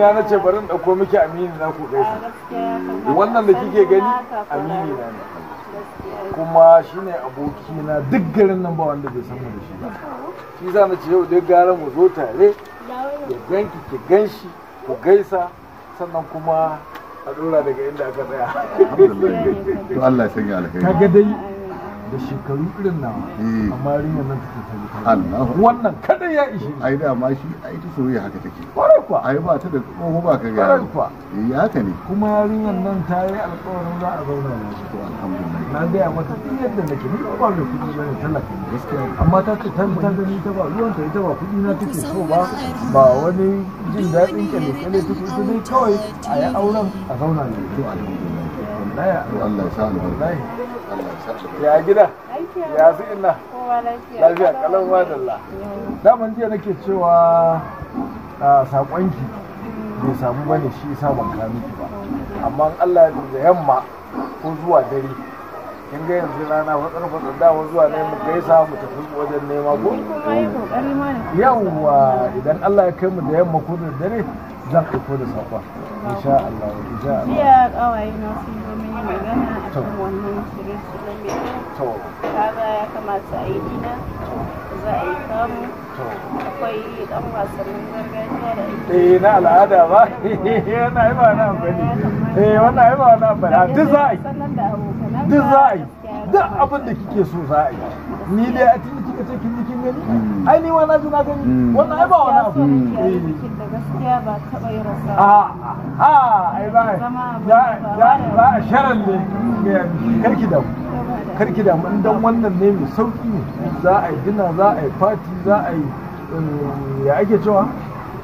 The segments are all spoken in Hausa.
ya na ce bari ɗauko miki amini na ku ɗauki wannan da kike gani amini na ne kuma shine aboki na duk garin nan ba wanda bai san mu da shi ba shi za na ce yau dai gara mu zo tare ya ganki ki ganshi ku gaisa sannan kuma a dora daga inda aka tsaya to Allah ya sanya alheri ga dai da shekaru irin na hmm. amma yarinyar nan take ta wannan kadai ya ishe ai da ma shi ai ta soyayya haka take kwarai kuwa ai ba ta da tsoho ba ka ga kwarai kuwa eh haka ne kuma yarinyar nan ta yi alƙawarin za a zauna da shi to alhamdulillah na ga mata duk yadda nake ni ba da kuɗi ba ne tallafi gaskiya amma ta ce ta ta gani ta ba ruwan ta ita ba kuɗi na take so ba ba wani jin daɗin kyan da kyale tuku zai dai kawai a yi auren a zauna ne to alhamdulillah Allah ya sa ya gida ya su ina lafiya kalan wadalla daman jiya nake cewa saƙonki bai samu bane shi sa ban ba amma Allah ya da yamma ko zuwa dare in ga yanzu rana fatsar fatsar dawo zuwa ne mu gaisa mu tafi wajen nema ko yawwa idan Allah ya kai mu da yamma ko da dare zan aiko da safa insha Allah insha Allah ya kawai na sun zo mini magana kan wannan shirin su na to kaga ya kamata a yi dina za a yi kamu akwai dan wasannin gargajiya da ake eh na al'ada ba yana yi ba na amfani eh wannan yi ba na amfani duk za a yi duk za a yi duk abin da kike so za a yi ni dai a cikin kika ce kin kin gani hmm. ai ni na ji na gani hmm. wannan ai ba wani abu hmm. da gaskiya ba taba yi rasa a a ai ba za a sharan ne karki da karki da mun dan wannan ne mai sauki ne za a yi dina za a yi fati za a yi um, ya ake cewa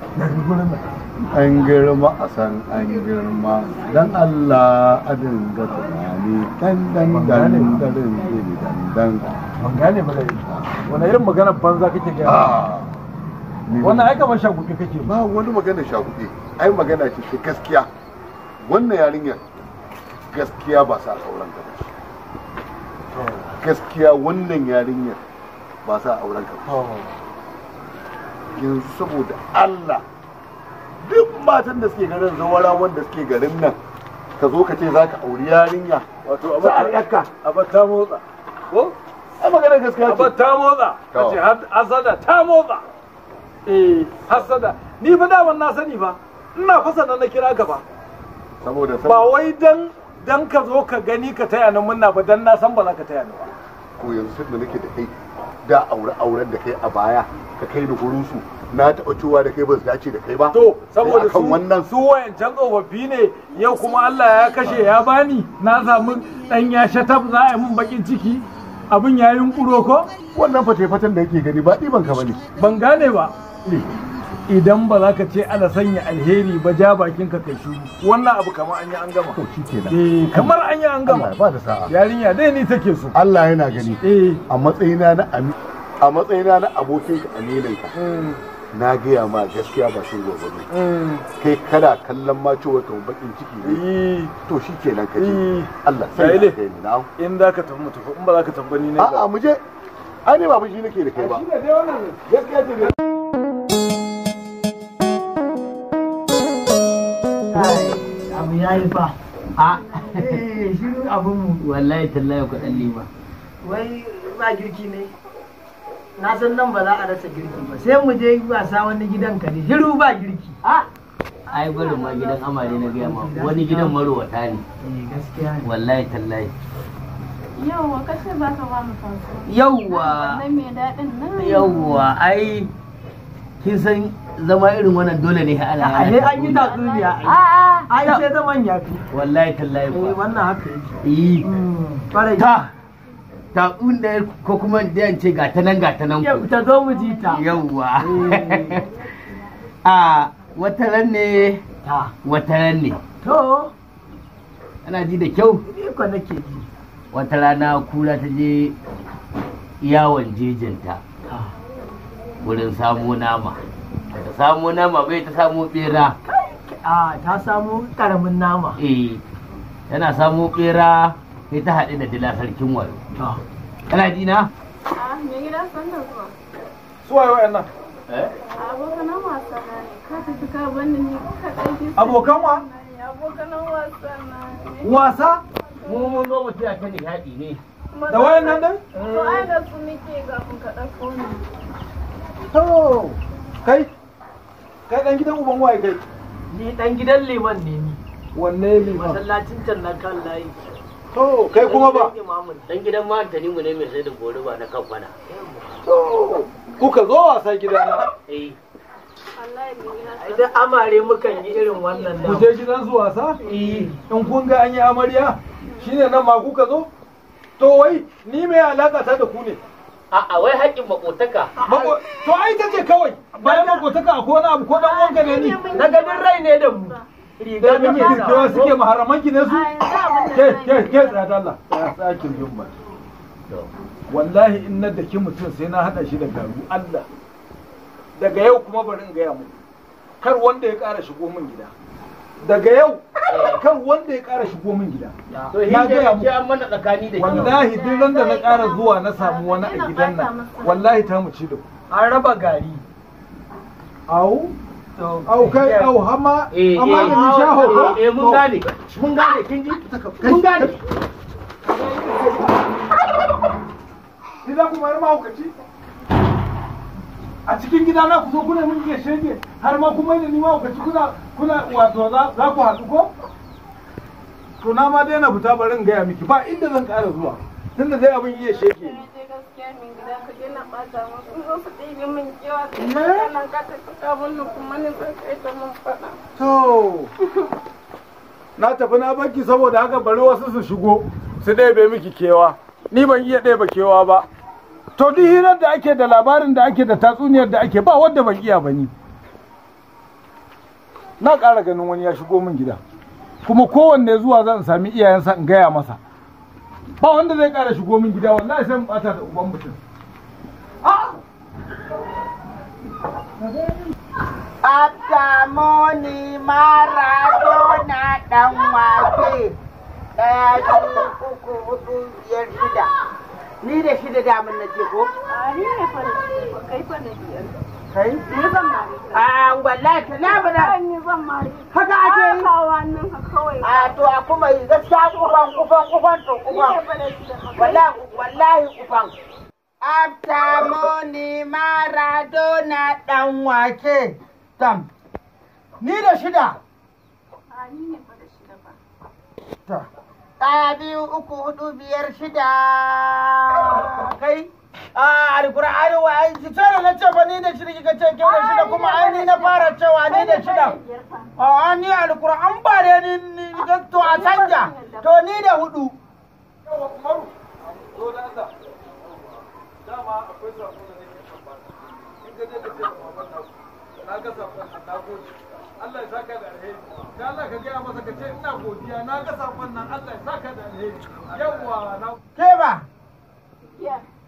an girma a san an girma don allah adin ga tunani dan dan dan darin iri dan dan gane ba wani irin magana banza kake gaya ah. wannan ai kamar shaguɗe kake ba wani magana shaguɗe ai magana ce ta gaskiya wannan yarinyar gaskiya ba sa auren ka oh. gaskiya wannan yarinyar ba sa auren ka yanzu saboda Allah duk matan da suke garin zawara wanda suke garin nan ka zo ka ce za ka auri yarinya wato a bata a bata motsa ko a magana gaskiya ce a ta motsa ka ce hasada ta motsa eh hasada ni fa daman na sani fa ina fasa na kira ka ba saboda ba wai dan dan ka zo ka gani ka taya ni munna ba dan na san ba za ka taya ni ba ko yanzu da nake da kai da aure auren da kai a baya ka kai ni gurin su na taɓa cewa da kai ba su dace da kai ba to saboda su wannan su wayancan tsofaffi ne yau kuma Allah ya kashe ya bani na samu dan ya shatab za a yi min bakin ciki abin ya yi kuro ko wannan fate fatan da yake gani ba ɗiban ka bane ban gane ba idan ba za ka ce ana sanya alheri ba ja bakin ka kai shi wannan abu kamar an yi an gama to eh kamar an yi an gama ba da sa'a yarinya dai ni take so Allah yana gani eh. a matsayina na ami a matsayina na abokin ka aminin ka na gaya ma gaskiya ba shi gobe ne kai kada kallon ma cewa ka bakin ciki ne eh. to shi ke ka kaji eh. Allah sai ka kai ni na in za ka tafi mutu in ba za ka tafi ni ne a'a mu je ai ne babu shi nake da kai ba shi ne wannan gaskiya ce ne abu ya yi fa a eh, shi abin wallahi tallahi kuɗin lima wai ba girki ne na san nan ba za a rasa girki ba sai mu je wasa wani gidan ka ne hiru ba girki ai gwada ma gidan amare na gaya ma wani gidan marowata eh, ne wallahi tallahi yauwa kashe za ka ba mu yauwa yauwa ai kin san zama irin wannan dole ne ala ne an yi tatsuniya ai sai zaman yafi wallahi tallahi eh, wannan haka yake eh. mm. ta ta da ko kuma da ce ga ta nan ga ta nan ku ta zo mu ji ta yawwa eh. a ah, wata ran ne ta wata ran ne to ana ji da kyau ko nake ji wata rana kura ta je yawon jejinta wurin samo nama ta samo nama bai ah, ta samo bera a ta samo karamin nama eh tana samo bera sai ta haɗu da dila sarkin wayo kana ji na a me gida san da zuwa su wayo wayannan eh abokan wasa na ne ka fi ka bani ni ka ɗauke abokan wa abokan wasa na ne wasa mu mun zo mu tiya ta nishadi ne da wayan din to ai da su nike kafin ka ɗauko ni to kai kai ɗan gidan uban waye kai ni ɗan gidan liman ne ni wanne liman masallacin can na kan layi to kai kuma ba dan gidan ma antani mu ne mai sai da gori ba na kan kwana to kuka zo wasa gidana eh Idan amare mukan yi irin wannan da. Ku je gidan su wasa? Eh. In kun ga an yi amarya, shine nan ma kuka zo? To wai ni mai alaka ta da ku ne. A'a wai haƙƙin makotaka. To ai ta ce kawai. Bayan makotaka akwai wani abu ko dan wanka ne ni. Na ganin rai ne da mu. riga da ke sawa suke maharaman ki ne su ke ke ke tsada Allah ya tsakin jumba wallahi in na daki mutum sai na hada shi da garu Allah daga yau kuma bari in gaya muku kar wanda ya ƙara shigo min gida daga yau kar wanda ya ƙara shigo min gida na gaya muku wallahi duk randa na ƙara zuwa na samu wani a gidan nan wallahi ta mu ci da ku an raba gari au au kai au hama eh, eh, amma da ni eh, shaho ko eh mun oh. gane mun gane kin ji mun gane idan kuma yar mahaukaci a cikin gida na ku kuna mun iya shege har ma kuma da ni mahaukaci kuna kuna wato za za ku haɗu ko to na ma daina fita barin gaya miki ba inda zan ƙara zuwa tunda zai abin iya sheke ne to na tafi na banki saboda haka bari wasu su shigo su ɗebe miki kewa ni ban iya ɗebe kewa ba to duk hirar da ake da labarin da ake da tatsuniyar da ake ba wadda ban iya ba ni na ƙara ganin wani ya shigo min gida kuma kowanne zuwa zan sami iyayensa in gaya masa ba wanda zai kara shigo min gida wallahi sai mu bata da uban mutum Atamoni Maradona dan wake ɗaya biyu uku hudu biyar shida ni da shida damun na je ko? ni ne fa kai biyar kai ni zan mare a wallahi ta na bada ni zan mare haka ake yi a wannan kawai a to a kuma gaskiya kufan kufan kufan to kufan wallahi wallahi kufan Maradona dan wake tam ni da shida ta biyu uku hudu biyar shida kai a alkur'ani wa ai tsere na ce ba ni da shi kika ce ke da da kuma ai ni na fara cewa ni da da. a ni alkur'an ba da ni to a canja to ni da hudu Allah ya saka da alheri. Allah ka gaya masa ka ce ina godiya na ga nan Allah ya saka da alheri. Yawwa na. Ke ba?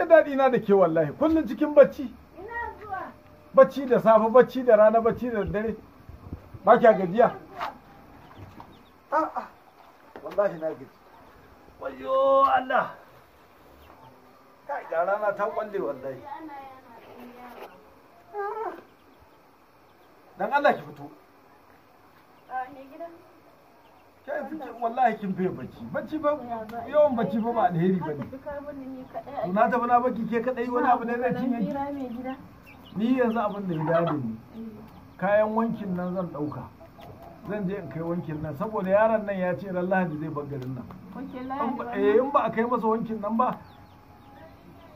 sai daɗi na da ke wallahi kullum cikin bacci ina zuwa bacci da safe bacci da rana bacci da dare ba kya gajiya a'a wallahi na gaji wayo Allah kai ga rana ta kwalle wallahi dan Allah ki fito a ah, ne gidan kai fi wallahi kin fiye bacci bacci ba yawan bacci ba ba alheri ba ne na tafi na baki ke kadai wani abu ne na cinye ni yanzu abin da ya dade ni kayan wankin nan zan dauka zan je in kai wankin nan saboda yaron nan ya ce ran lahadi zai bar garin nan eh, in ba a kai masa wankin nan ba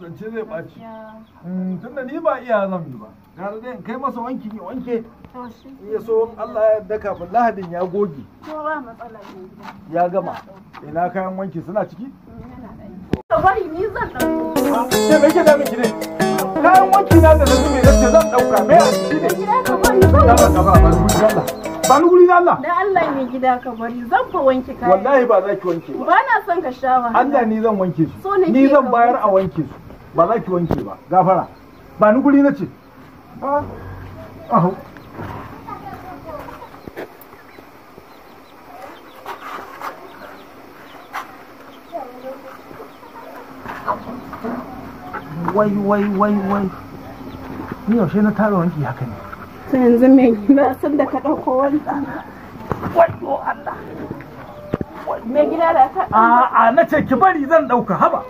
zance zai ɓaci mm, tunda ni ba iya zan yi ba gara dai kai masa wanki ne wanke ya so Allah ya daka. kafin lahadin ya goge ya gama ina kayan wanki suna ciki bari ni zan dauko ke me kayan wanki na da zan me yace zan dauka me a ciki ka bari zan dauka Allah da Allah da ne gida ka bari zan fa wanke kayan wallahi ba za ki wanke ba ba na son ka sha wahala Allah ni zan wanke su ni zan bayar a wanke su ba za ki wanke ba gafara ba na ce Oh. oh. Wai, wai, wai, wai. Ni yaushe na tara wanki haka ne. Ta yanzu mai gida sun da ka ɗauko wani ɗana. Wai, Allah. Mai gida da ka. A'a, na ce ki bari zan ɗauka haba.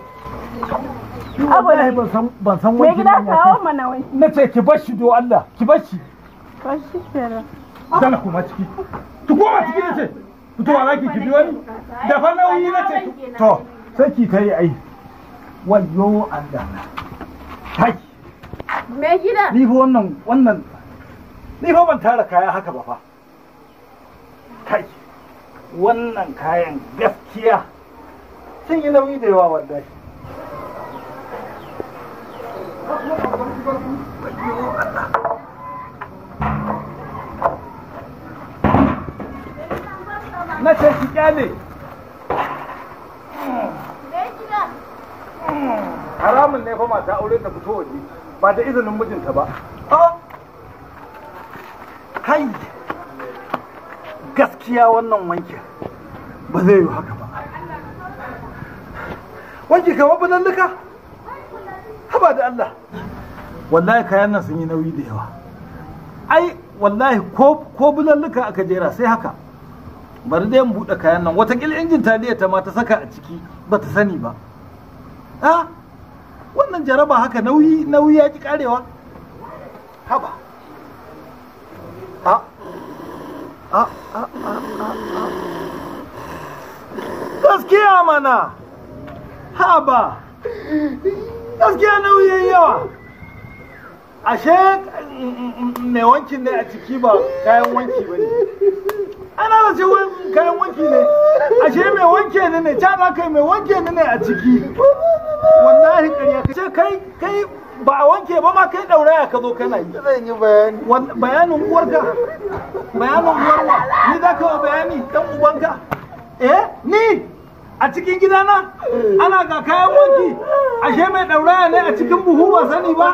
wallahi ban san ban san wani gida kawo mana wai na ce ki bashi do Allah ki bashi! shi kenan dala kuma ciki ki koma ciki na ce fitowa za ki biyo ni. da fa nauyi na ce to sai ki ta yi ai wayo Allah taki me gida ni fa wannan wannan ni fa ban tara kaya haka ba fa kai wannan kayan gaskiya sun yi nauyi da yawa wallahi na ce ki haramun ne fa mata aure ta fito waje ba da izinin mijinta ba oh! kai gaskiya wannan wanke ba zai yi haka ba wanki kamar bazan duka haba da Allah wallahi kayan nan sun yi nauyi da yawa ai wallahi ko ko bulalluka aka jera sai haka bari dai mu buɗe kayan nan kil injin taliya ta ma ta saka a ciki ba ta sani ba a wannan jaraba haka nauyi nauyi ya ki karewa haba a a a a a gaskiya mana haba gaskiya nauyi yayi yawa ashe mm, mm, mai wankin ne a ciki ba kayan wanki ba ne ana da ce kayan wanki ne ashe mai wanke ne ne ca da kai mai wanke ne ne a ciki wallahi ƙarya ce kai kai ba a wanke ba ma kai dauraya ka zo kana yi zan yi bayani bayanin uwarka bayanin uwarwa ni za ka bayani dan ubanka eh ni a cikin gidana ana ga kayan wanki ashe mai ɗauraya ne a cikin buhu ba sani ba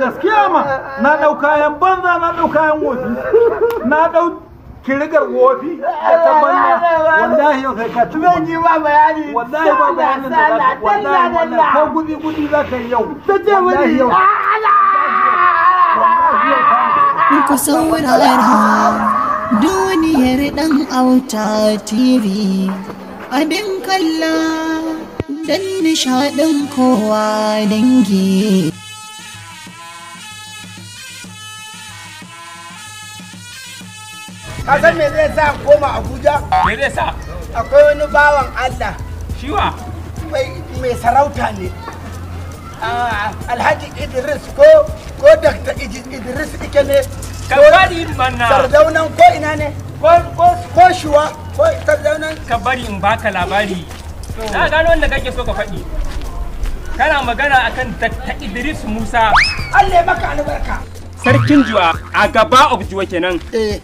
gaskiya ma na ɗau kayan banza na ɗau kayan wofi na ɗau kirigar wofi da tabbanya wallahi yau kai ka ba. yi ba bayani wallahi ba bayani da za ka wallahi wallahi ko gudi gudi za ka yi yau wallahi yau Ku ha duniyar ɗan auta TV abin kalla don nishaɗin kowa dangi. san me zai sa koma Abuja? Me zai sa? Akwai wani bawan Allah. Shiwa? Mai sarauta ne. Ah, Alhaji Idris ko ko Dr. Idris ike ne. Kamfani manna. Sardaunan ko ina ne? Ko shuwa? ka bari in baka labari na gano wanda kake so ka faɗi kana magana akan datta idris musa allah maka albarka sarkin juwa a gaba of juwa kenan eh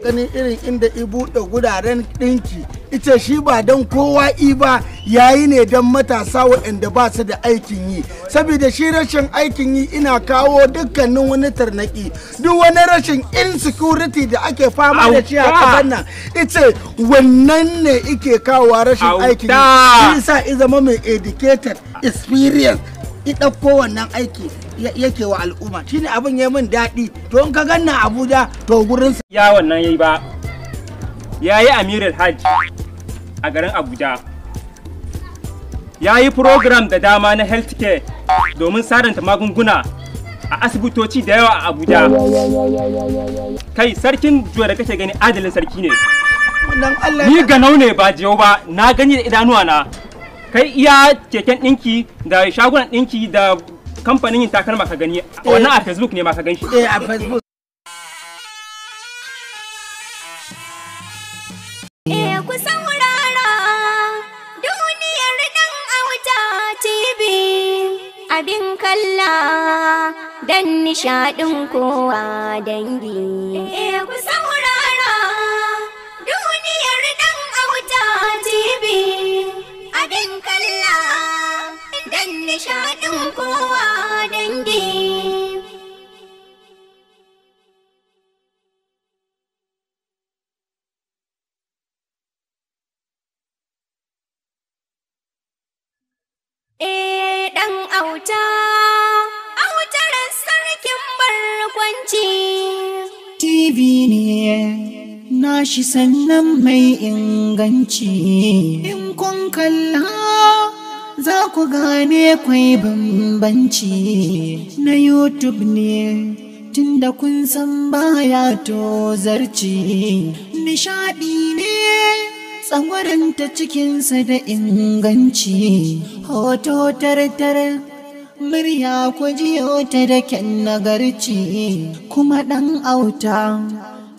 gani irin inda i buɗe gudaren ɗinki ita shi ba don kowa i ba yayi ne don matasa waɗanda ba su da aikin yi saboda shi rashin aikin yi ina kawo dukkanin wani tarnaki duk wani rashin insecurity da ake fama da shi a kasar nan ita wannan ne ike kawo rashin aikin yi shi sa i zama mai educated experience i kowannan aiki yake wa al'umma shine abin ya min daɗi to in ka ganna abuja to gurinsa ya wannan yayi ba yayi amirul hajji a garin Abuja. Ya yi program da dama na healthcare domin saranta magunguna a asibitoci da yawa a Abuja. Kai sarkin juwa da kake gani adalin sarki ne. Ni ganau ne ba jiyau ba na gani da idanuwa na. Kai iya keken ɗinki da shagunan ɗinki da kamfanin yin takalma ka gani wannan a facebook ne ma gan shi eh, abin kalla don nishaɗin kowa dangi. E ku saurara duniyar dan auta jibi. abin kalla don nishaɗin kowa dangi. shi sannan mai inganci in kun kalla za ku gane kwai bambanci na youtube ne tunda kun san baya to zarci nishadi ne tsangwaranta cikinsa da inganci hoto tartar murya ku jiyo ta da kyan nagarci kuma ɗan auta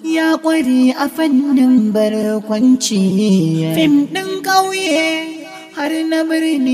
ya ƙware a fannin barkwanci fim ɗin ƙauye har na birni